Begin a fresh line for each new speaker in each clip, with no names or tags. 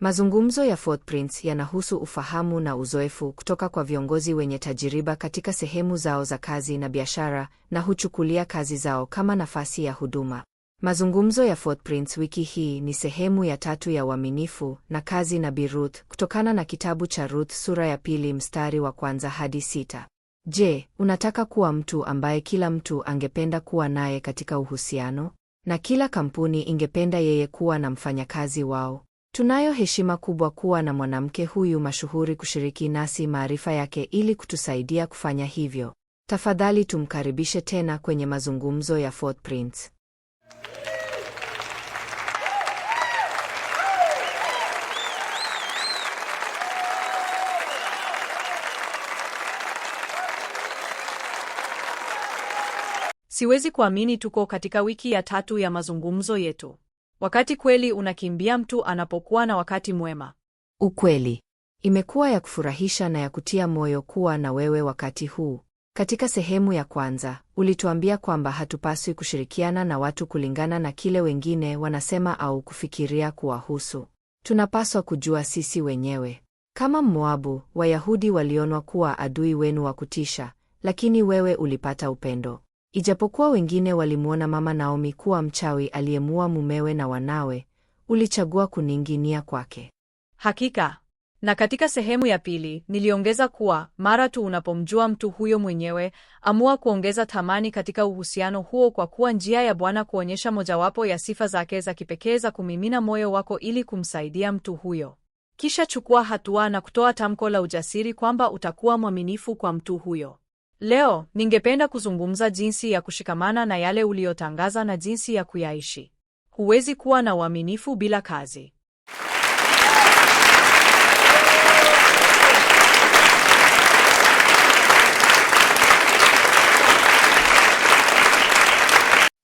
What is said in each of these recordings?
Mazungumzo ya Footprints yanahusu ufahamu na uzoefu kutoka kwa viongozi wenye tajiriba katika sehemu zao za kazi na biashara na huchukulia kazi zao kama nafasi ya huduma. Mazungumzo ya Footprints wiki hii ni sehemu ya tatu ya uaminifu na kazi na Bi Ruth kutokana na kitabu cha Ruth sura ya pili mstari wa kwanza hadi sita. Je, unataka kuwa mtu ambaye kila mtu angependa kuwa naye katika uhusiano? Na kila kampuni ingependa yeye kuwa na mfanyakazi wao? Tunayo heshima kubwa kuwa na mwanamke huyu mashuhuri kushiriki nasi maarifa yake ili kutusaidia kufanya hivyo. Tafadhali tumkaribishe tena kwenye mazungumzo ya Footprints.
Siwezi kuamini tuko katika wiki ya tatu ya mazungumzo yetu. Wakati kweli unakimbia mtu anapokuwa na wakati mwema.
Ukweli. Imekuwa ya kufurahisha na ya kutia moyo kuwa na wewe wakati huu. Katika sehemu ya kwanza, ulituambia kwamba hatupaswi kushirikiana na watu kulingana na kile wengine wanasema au kufikiria kuwahusu. Tunapaswa kujua sisi wenyewe. Kama Mmoabu, Wayahudi walionwa kuwa adui wenu wa kutisha, lakini wewe ulipata upendo. Ijapokuwa wengine walimwona Mama Naomi kuwa mchawi aliyemuua mumewe na wanawe, ulichagua kuninginia kwake.
Hakika. Na katika sehemu ya pili niliongeza kuwa mara tu unapomjua mtu huyo mwenyewe, amua kuongeza thamani katika uhusiano huo, kwa kuwa njia ya Bwana kuonyesha mojawapo ya sifa zake za kipekee za kumimina moyo wako ili kumsaidia mtu huyo. Kisha chukua hatua na kutoa tamko la ujasiri kwamba utakuwa mwaminifu kwa mtu huyo. Leo ningependa kuzungumza jinsi ya kushikamana na yale uliyotangaza na jinsi ya kuyaishi. Huwezi kuwa na uaminifu bila kazi.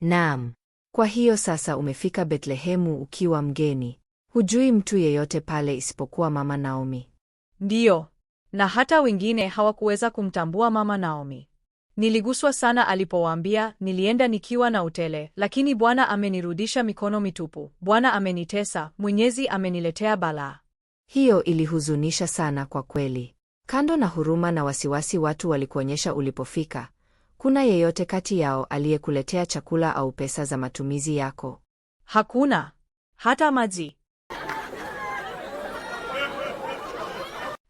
Naam. Kwa hiyo sasa umefika Betlehemu ukiwa mgeni. Hujui mtu yeyote pale isipokuwa Mama Naomi.
Ndiyo na hata wengine hawakuweza kumtambua Mama Naomi. Niliguswa sana alipowaambia, nilienda nikiwa na utele, lakini Bwana amenirudisha mikono mitupu. Bwana amenitesa, Mwenyezi ameniletea balaa.
Hiyo ilihuzunisha sana kwa kweli. Kando na huruma na wasiwasi watu walikuonyesha ulipofika, kuna yeyote kati yao aliyekuletea chakula au pesa za matumizi yako?
Hakuna, hata maji.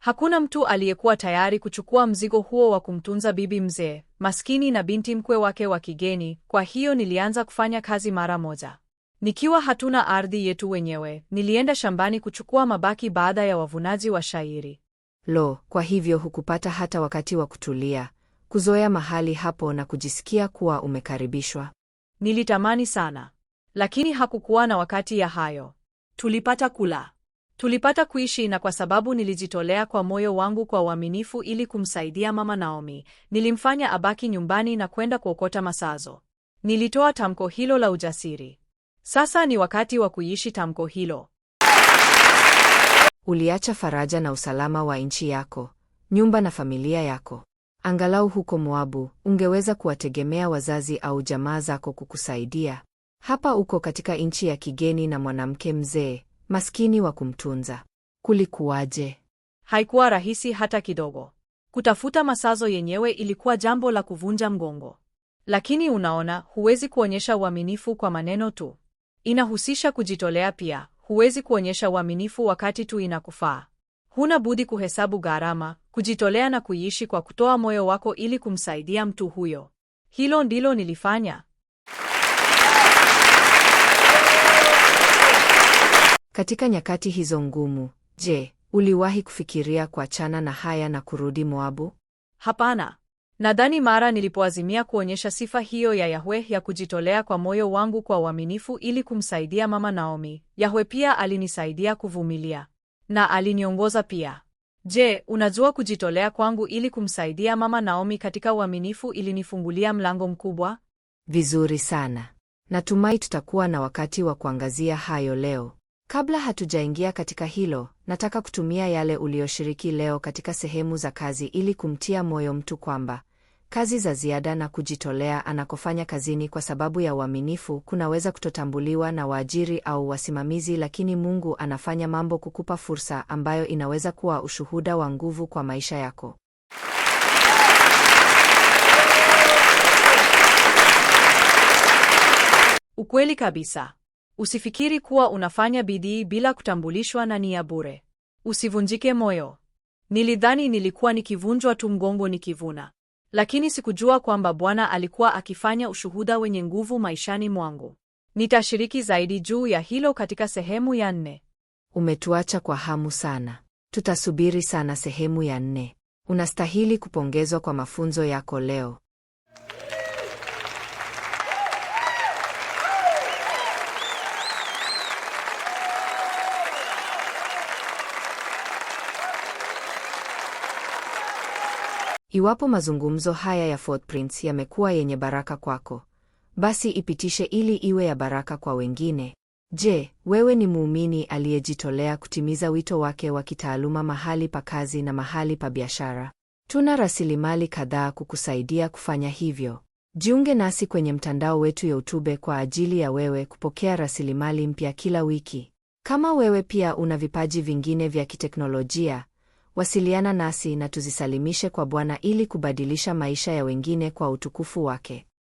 Hakuna mtu aliyekuwa tayari kuchukua mzigo huo wa kumtunza bibi mzee, maskini na binti mkwe wake wa kigeni, kwa hiyo nilianza kufanya kazi mara moja. Nikiwa hatuna ardhi yetu wenyewe, nilienda shambani kuchukua mabaki baada ya wavunaji wa shayiri.
Lo, kwa hivyo hukupata hata wakati wa kutulia, kuzoea mahali hapo na kujisikia kuwa umekaribishwa?
Nilitamani sana, lakini hakukuwa na wakati ya hayo. Tulipata kula Tulipata kuishi na kwa sababu nilijitolea kwa moyo wangu kwa uaminifu ili kumsaidia Mama Naomi, nilimfanya abaki nyumbani na kwenda kuokota masazo. Nilitoa tamko hilo la ujasiri. Sasa ni wakati wa kuishi tamko hilo.
Uliacha faraja na usalama wa nchi yako, nyumba na familia yako. Angalau huko Moabu ungeweza kuwategemea wazazi au jamaa zako kukusaidia. Hapa uko katika nchi ya kigeni na mwanamke mzee maskini wa kumtunza. Kulikuwaje?
Haikuwa rahisi hata kidogo. Kutafuta Masazo yenyewe ilikuwa jambo la kuvunja mgongo, lakini unaona, huwezi kuonyesha uaminifu kwa maneno tu, inahusisha kujitolea pia. Huwezi kuonyesha uaminifu wakati tu inakufaa. Huna budi kuhesabu gharama, kujitolea na kuiishi kwa kutoa moyo wako ili kumsaidia mtu huyo. Hilo ndilo nilifanya.
Katika nyakati hizo ngumu, je, uliwahi kufikiria kuachana na haya na kurudi Moabu?
Hapana. Nadhani mara nilipoazimia kuonyesha sifa hiyo ya Yahwe ya kujitolea kwa moyo wangu kwa uaminifu ili kumsaidia Mama Naomi, Yahwe pia alinisaidia kuvumilia na aliniongoza pia. Je, unajua kujitolea kwangu ili kumsaidia Mama Naomi katika uaminifu ilinifungulia mlango mkubwa?
Vizuri sana. Natumai tutakuwa na wakati wa kuangazia hayo leo. Kabla hatujaingia katika hilo, nataka kutumia yale uliyoshiriki leo katika sehemu za kazi ili kumtia moyo mtu kwamba kazi za ziada na kujitolea anakofanya kazini kwa sababu ya uaminifu kunaweza kutotambuliwa na waajiri au wasimamizi, lakini Mungu anafanya mambo kukupa fursa ambayo inaweza kuwa ushuhuda wa nguvu kwa maisha yako.
Ukweli kabisa. Usifikiri kuwa unafanya bidii bila kutambulishwa na ni ya bure. Usivunjike moyo. Nilidhani nilikuwa nikivunjwa tu mgongo nikivuna, lakini sikujua kwamba Bwana alikuwa akifanya ushuhuda wenye nguvu maishani mwangu. Nitashiriki zaidi juu ya hilo katika sehemu ya nne.
Umetuacha kwa hamu sana, tutasubiri sana sehemu ya nne. Unastahili kupongezwa kwa mafunzo yako leo.
Iwapo mazungumzo haya ya Footprints yamekuwa yenye baraka kwako, basi ipitishe ili iwe ya baraka kwa wengine. Je, wewe ni muumini aliyejitolea kutimiza wito wake wa kitaaluma mahali pa kazi na mahali pa biashara? Tuna rasilimali kadhaa kukusaidia kufanya hivyo. Jiunge nasi kwenye mtandao wetu YouTube kwa ajili ya wewe kupokea rasilimali mpya kila wiki. Kama wewe pia una vipaji vingine vya kiteknolojia Wasiliana nasi na tuzisalimishe kwa Bwana ili kubadilisha maisha ya wengine kwa utukufu wake.